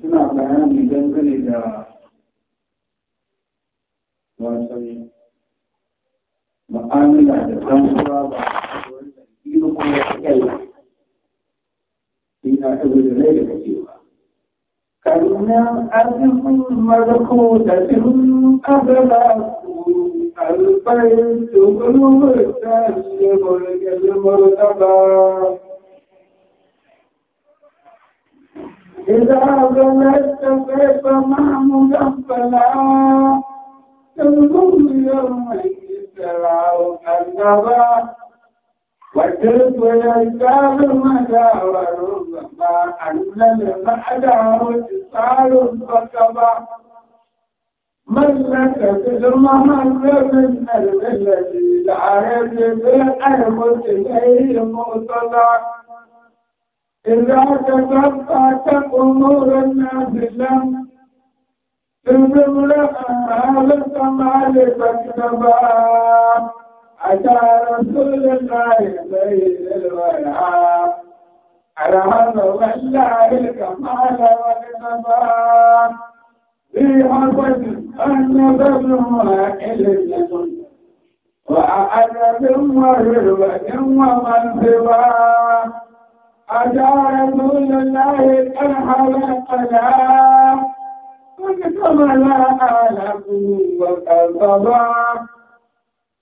suna bayani dangane da wasan ma'amala da rantsuwa ba wanda ilu kuma ya kyalla ina ɗago da rai daga cewa كلا ألف ملكوت قبل البيت قلوب التسلم المرتبى إذا بلغت كيف معمدا فلا تنظر يومئذ تراه النظر وتلك الأشكال مدى وربما أن المعنى اتصال فكبا من لك بالمهر من الذي لا يجب أن يموت إليه مطلق إذا كتبت عتق أمور الناس لم تزم لها لك معرفة نبات أتى رسول الله سيد الولاء أرهن والله الكمال والنبات في حفظ النبات وأعلم مرة ومنصبات أتى رسول الله الأرحم القلام وكتم لا أعلم وكتبا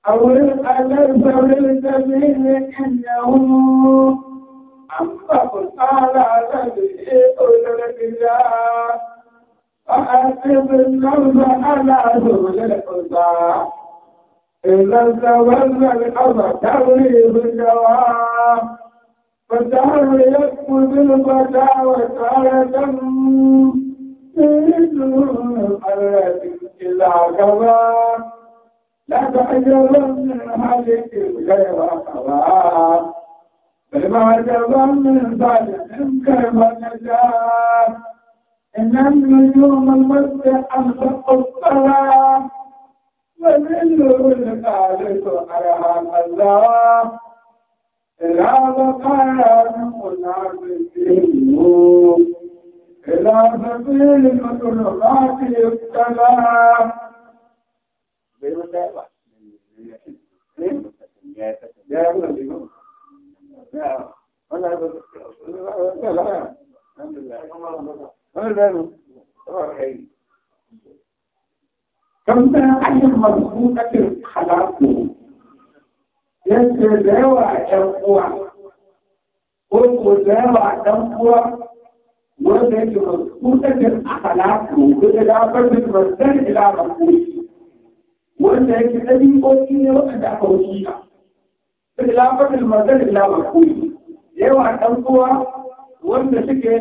أو الألف بالجميل إنه أما قال نبي أولو الإله فأسب النفس على ذول القضاء إذا تولى الأمر تغريب الجواب فتعالى يكفر بالفتاوى تارة تريد القرية إلا كبار لا تعجبن من حديث غير خبار بل ما من صالح كيف نجاه إن النجوم المسح أمسك الصلاة وذل الخالق أرحم الله إلا بقايا المنافقين إلى سبيل كم من مضبوطة don su zama ɗan uwa ko ku zama ɗan uwa wanda yake maskutakin akalaku ko da dafar da masan ila makushi wanda yake ɗabi'o'i ne waɗanda aka wuce ba. Ilafar da masan ila makushi yawa ɗan uwa wanda suke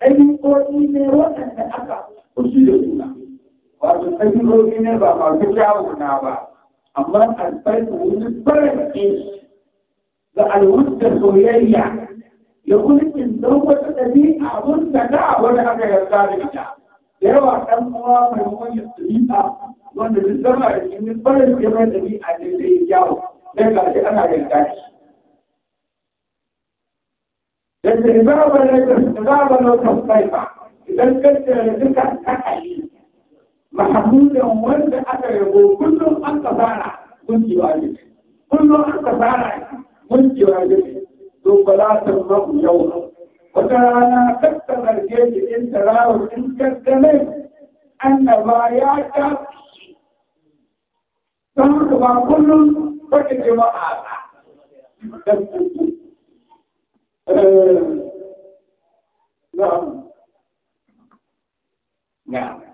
ɗabi'o'i ne waɗanda aka wuce da suna. Wato ɗabi'o'i ne ba masu kyawu na ba. amma alfaifu wani farin shi ga alwuddar soyayya ya kulkin don wata ɗabi'a wanda da a wani aka yarda da ita da yawa ɗan kuma mai wani ɗabi'a wanda duk zama da cikin farin shi mai ɗabi'a ne da ya jawo don ga shi ana yarda shi. Da ta riba ba na ta riba ba na ta faifa idan kanta duka kakali mahmudan wanda aka yabo kullum an ka fara mun ji wa ne kullum an ka fara mun ji wa ne to bala ta mahu yau wata rana kakka zarge ki in tarawar in kaddame annaba ya ta don haka ba kullum wata jama'a ba نعم نعم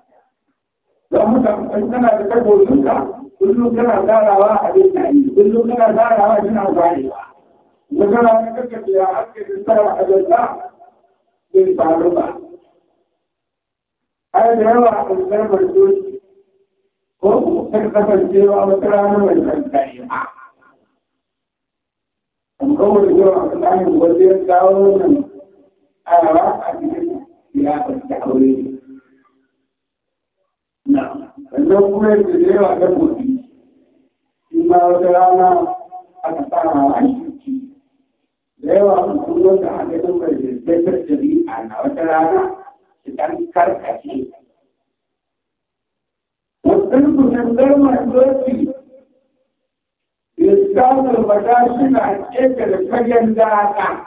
mutan tana da takobinka kullum kana tsarawa a dukkan kullum kana tsarawa kina zarewa da kana da kake ya ake tsara a dukkan bai faru ba ai da yawa a tsarkar doki ko kan kasancewa wata rana mai tsantsari ba an kawai zuwa a tsarin wajen dawo nan a rawa a cikin ya tsarki aure sannan kuma yadda da yawa na gobe shi ma wata rana aka fara a shirki da yawa mutum wanda aka yi mai zirgin jami'a na wata rana su dan karkace wasan kusantar masu wasu Iskandar mata suna ƙetare fagen da haka,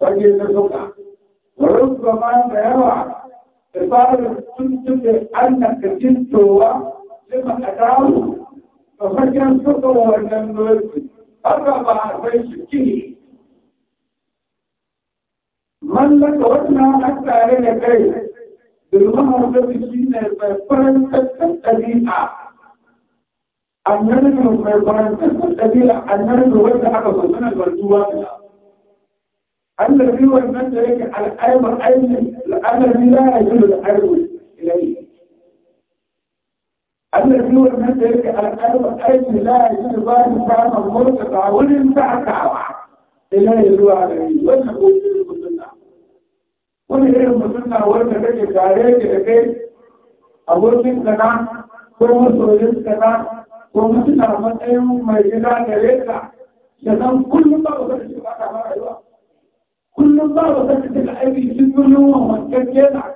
fagen da suka, rubba ma da yawa فقال كنت أنك جئت لما أتاه ففكر فقه ولم يرد قرب عرفين شكيه من لك وجنا حتى علينا كيف بالمهر الذي فينا فيقرن تلك الأبيعة أننا من فيقرن تلك الأبيعة أننا من وجه حتى وصلنا الوردوات في هو المنزل على الأمر الذي لا يجوز العدل إليه في هو المنزل على الأمر الذي لا يجوز الظالم كان المرتقى والانتعكع إليه هو عليه والمقول للمسلمة ولغير المسلمة والمسلمة كاريك لكي أبوكين كنا ومسلمين كنا ومسلمة مطعم مجلات لك لكن كل ما وصلت الله وسكت الحبيب للملوم والكجنع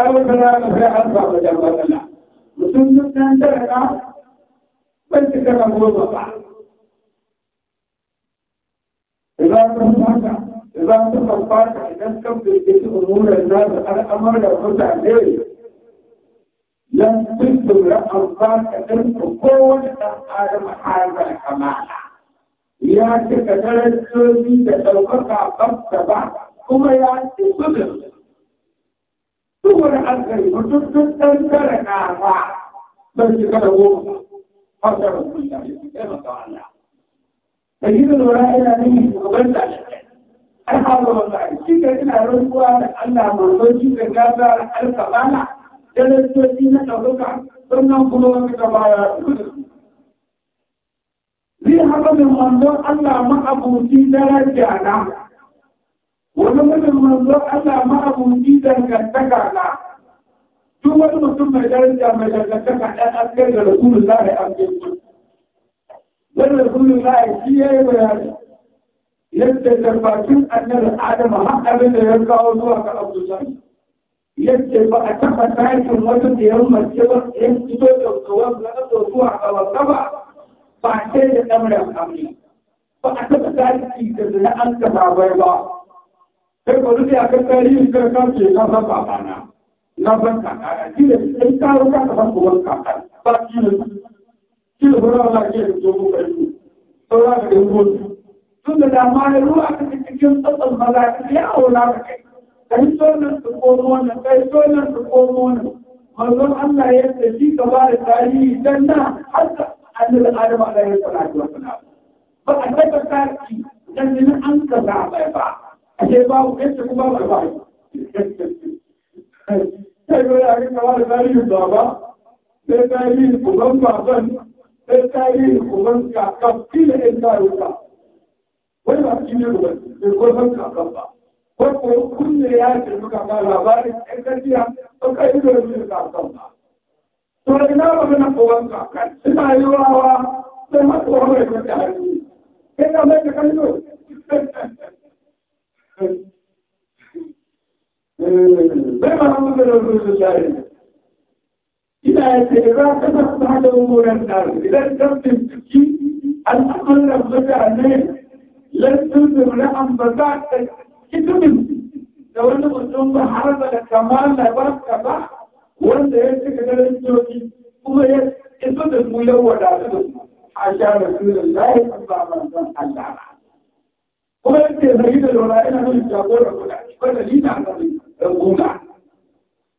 أولنا نفع أربع وجمال الله وسنة تنتهنا بل تكرم هو الوضع إذا تفعلت إذا تفعلت إذا تفعلت أمور الناس على أمر الخزع ليه لم تدر الله كتبت كون آدم حال الكمال يا تكتر السوزي تتوقع قبض بعد كما يأتي صدر صور الأسري وتبت تنكر نعفا بس كده هو حضر الله كما تعالى تجد الولاء إلى مقبلة الحمد لله شكرا إلى رسول الله مرضي شكرا إلى الكمال جلد الذين تبقى sannan kuma wani gaba ya zai haka mai manzon Allah ma'abuci daraja na wani mutum manzon Allah ma'abuci dangantaka na duk wani mutum mai daraja mai dangantaka ɗan askar da rasulun lahi an gaisu dan rasulun lahi shi ya yi bayani yadda tarbatin annar adama har abin da ya kawo zuwa ga abdullahi yadda ba a taɓa tashin wata da yan mace ba yan fito da kawar na ƙasa zuwa a wata ba ba sai da ɗamarin amri ba a taɓa tashi da zina an ka babai ba sai ba rufe a kan tarihin karkar ke kasar babana na ban kaka a cikin ɗan karo ka ka san kuwan kaka ba cikin cikin fura ba ke da zo muka yi saura da ɗan gudu tun da dama ya ruwa a cikin tsatsan maza ya auna ka kai kai so nan su komo wannan kai so nan su komo wannan manzon Allah ya ce shi ka ba da tarihi dan na hatta annabi Adam alaihi salatu wassalam ba a saka sarki dan nan an ka ba bai ba ashe ba ku kace kuma ba ba sai ga ya ga ba da tarihi ba ba sai tarihi ku ban baban sai tarihi ku ban ka kafila in ka ruka wai ba shi ne ba sai ko ban ka ba ko kulle ya ce muka ba labarin ɗan gajiya to kai ido da biyu ka san ba to ina magana kowanka suna yi wawa sai masu wani mutane kai ka mai da kallo bai ma an mutu da rusu shari'a ina ya ce za ka san ta da umuran da idan kan binciki al'amuran mutane lantarki na ambata hitimin da wani mutum ba har da kamala barka ba wanda ya cika garin joki kuma ya iso da mu yau wadatu a sha rasulullahi sallallahu alaihi wasallam kuma yake zai da lura ina nuna jagorar guda wanda ni na da guda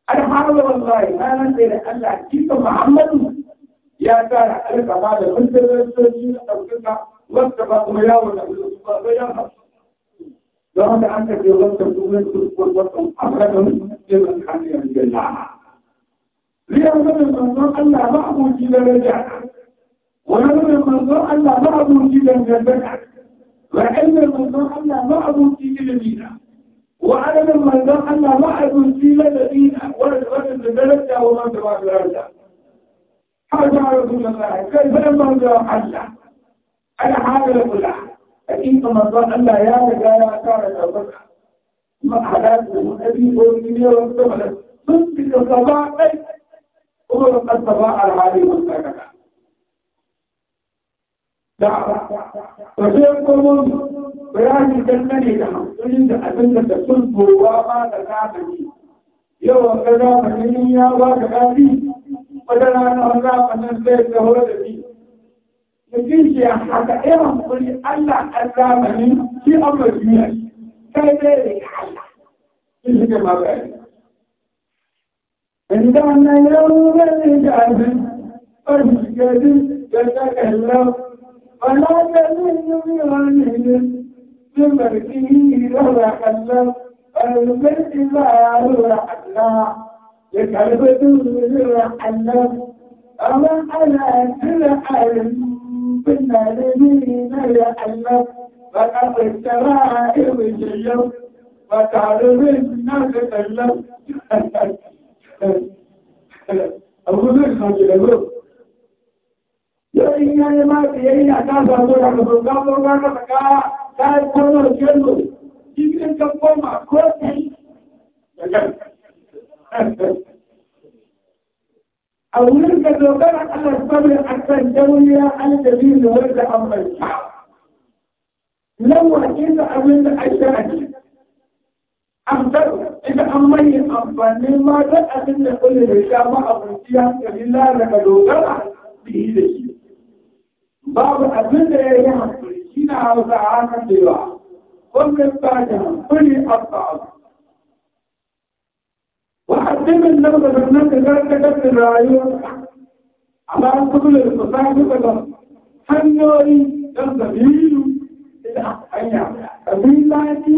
an harba wallahi na nan da Allah kisa Muhammadu ya tara alƙama da mutum da sojoji da ɗaukaka wanda ba kuma yawon da ba ya hasu بعد أنك جربت تؤمن بالقربة أبدا مسلما حاليا بالله لأن المنظر ألا معبود إلى رجع ولأن المنظر ألا معبود إلى الجنة وأن المنظر ألا معبود إلى المدينة وأن المنظر ألا معبود إلى المدينة ولد بدرجة ومن تبع درجة حاجة رسول الله كيف المنظر ألا الحاجة كلها لكن من ظن أن لا يعرف لا يعترض أو يكره ما حدث من أبي أوليني ورسوله ثم في الصباح أي أمر الصباح العالي والسكتة دعوة وشيخ ويعني تنمني لهم تنمني أنك تصلب وما تتعبني يو كذا مجنيا وكذا بي وجلانا الله أن نزيد له لدي mutum ke haka irin kuri Allah an zamani shi an duniya kai dai da Allah shi shi ke ma bayani. Inda na yau gani da abin ɓarfigari da ta kalla wala da zai yi wani ne zai marki yi rara kalla albarki za a rara Allah ya karbi duk rara Allah amma ana jira a yanzu كنا نبينا يعلم فقد الشرائع اليوم وتعرف الناس تلم أبو ذر خاطر أبو yayin ya ma ta yayin a ta samu da ka zoga zoga ka saka ta yi kwanar gelo shi ne ka koma ko ta yi أو يرجع لو كان أنا الصبر حتى الدولة الذي يرجع أمر الشعب لو إذا أمن أشاهد أمتر إذا أمني أمفاني ما رأى أن كل رشامة أبنسيان كلها لك لو كان به لشي باب أبن إياه شين عوض عانا ديوا ومن بعدها كل أبطأ mutumin nan ba su nan da karkatar da rayuwa a bayan kudulin su sa duka da hanyoyi don zabiru ita hanya kabilaci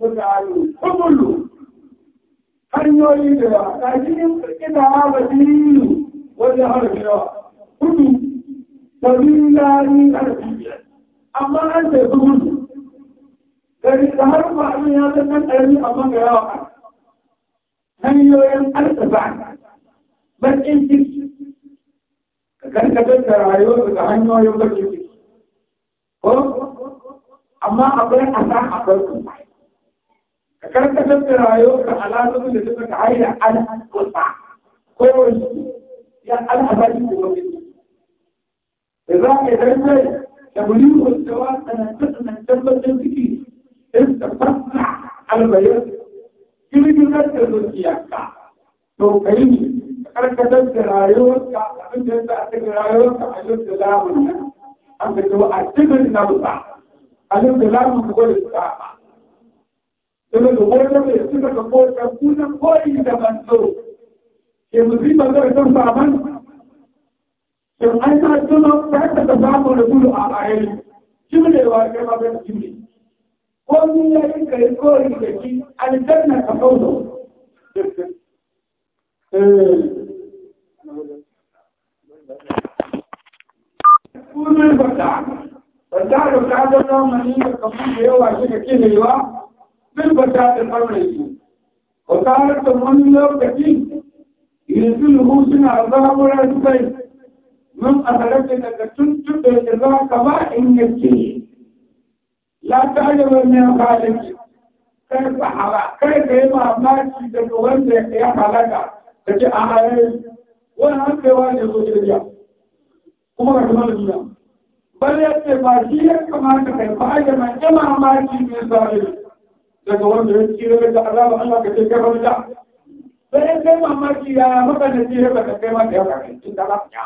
mutane kudulu hanyoyi da yawa ta cikin ita abadiru wajen harfi yawa kudu kabilaci harfi amma an sai kudulu gari da harfa abin ya zan nan ɗari amma ga yawa hanyoyin arzikin bakin ciki ka karkatar da rayuwar daga hanyoyin bakin ciki ko amma akwai asa akwai kuma ka karkatar da rayuwar ka alamun da suka ta haida al'ulfa ko wani ya al'aba shi kuma da za a yi zarfe da bulihun da wa tsanantar tsanantar bakin ciki in da fasa albayar kirkirar da zuciyarka to kai ne karkatar da rayuwarka abin da yasa a cikin rayuwarka a yau da lamun nan an da to a cikin nausa a yau da lamun ko da tsaka to da wanda bai suka ka ko ta kuna koyi da manzo ke musulma da kan baban to an ta tuna ta ta babu da gudu a ayi jimlewa kai ma ban jimle ko ni yayin kai koyi da ki الجنة تقوله كل البتاع بتاع البتاع ده لو ما نيجي كمان ده هو عشان كده يوا بالبتاع الفرن دي وقال تمن لو كتي ينزل هو سنة الله ولا تبي من أهلك إنك تنتبه الله كما إنك لا تعلم من خالقك kai ka yi mamaki daga wanda ya halaka ka ce a hayayi wani hankewa ne so shirya kuma ka kuma da duniya bari ya ce ba shi ya kamata kai ba ya mai yi mamaki ne zare daga wanda ya tsira daga azaba Allah ka ce kai ba da sai ya kai mamaki ya maka da tsira daga kai ma da ya kai tun da lafiya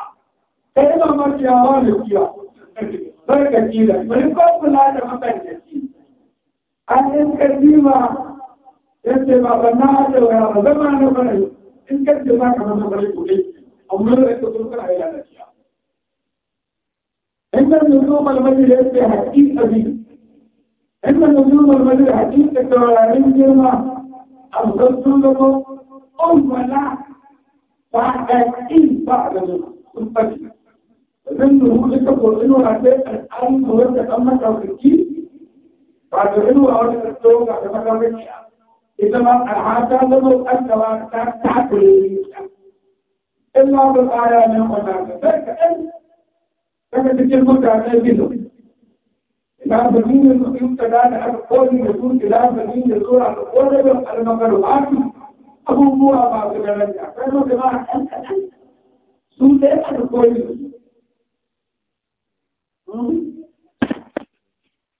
kai mamaki ya wani kiya sai ka tsira bari ko kula da maka da an in karfi ma yace ba banna a ce wa yara zama na bane in karfi ma kamar na bane kuɗi amma da yake sun kana yana da ciya inda nuzum al-majid yace haqiqa bi inda nuzum al-majid haqiqa tawarin girma afdalun lakum أولا بعد إن بعد ثم ذنه لك قرآن وعداء الآن وردت أمك أو الكيل فتحلوا أولا التوبة كما قلت إذا ما الحاجة لنو أنت وأنت تعقل إلا بالآية من قناة ذلك أن لك تجل متعة بيته إذا بمين المقيم تدان على القول يكون إلى بمين يزور على القول على المقربات أبو مو أبا سبيلك فإنه كما سوء على القول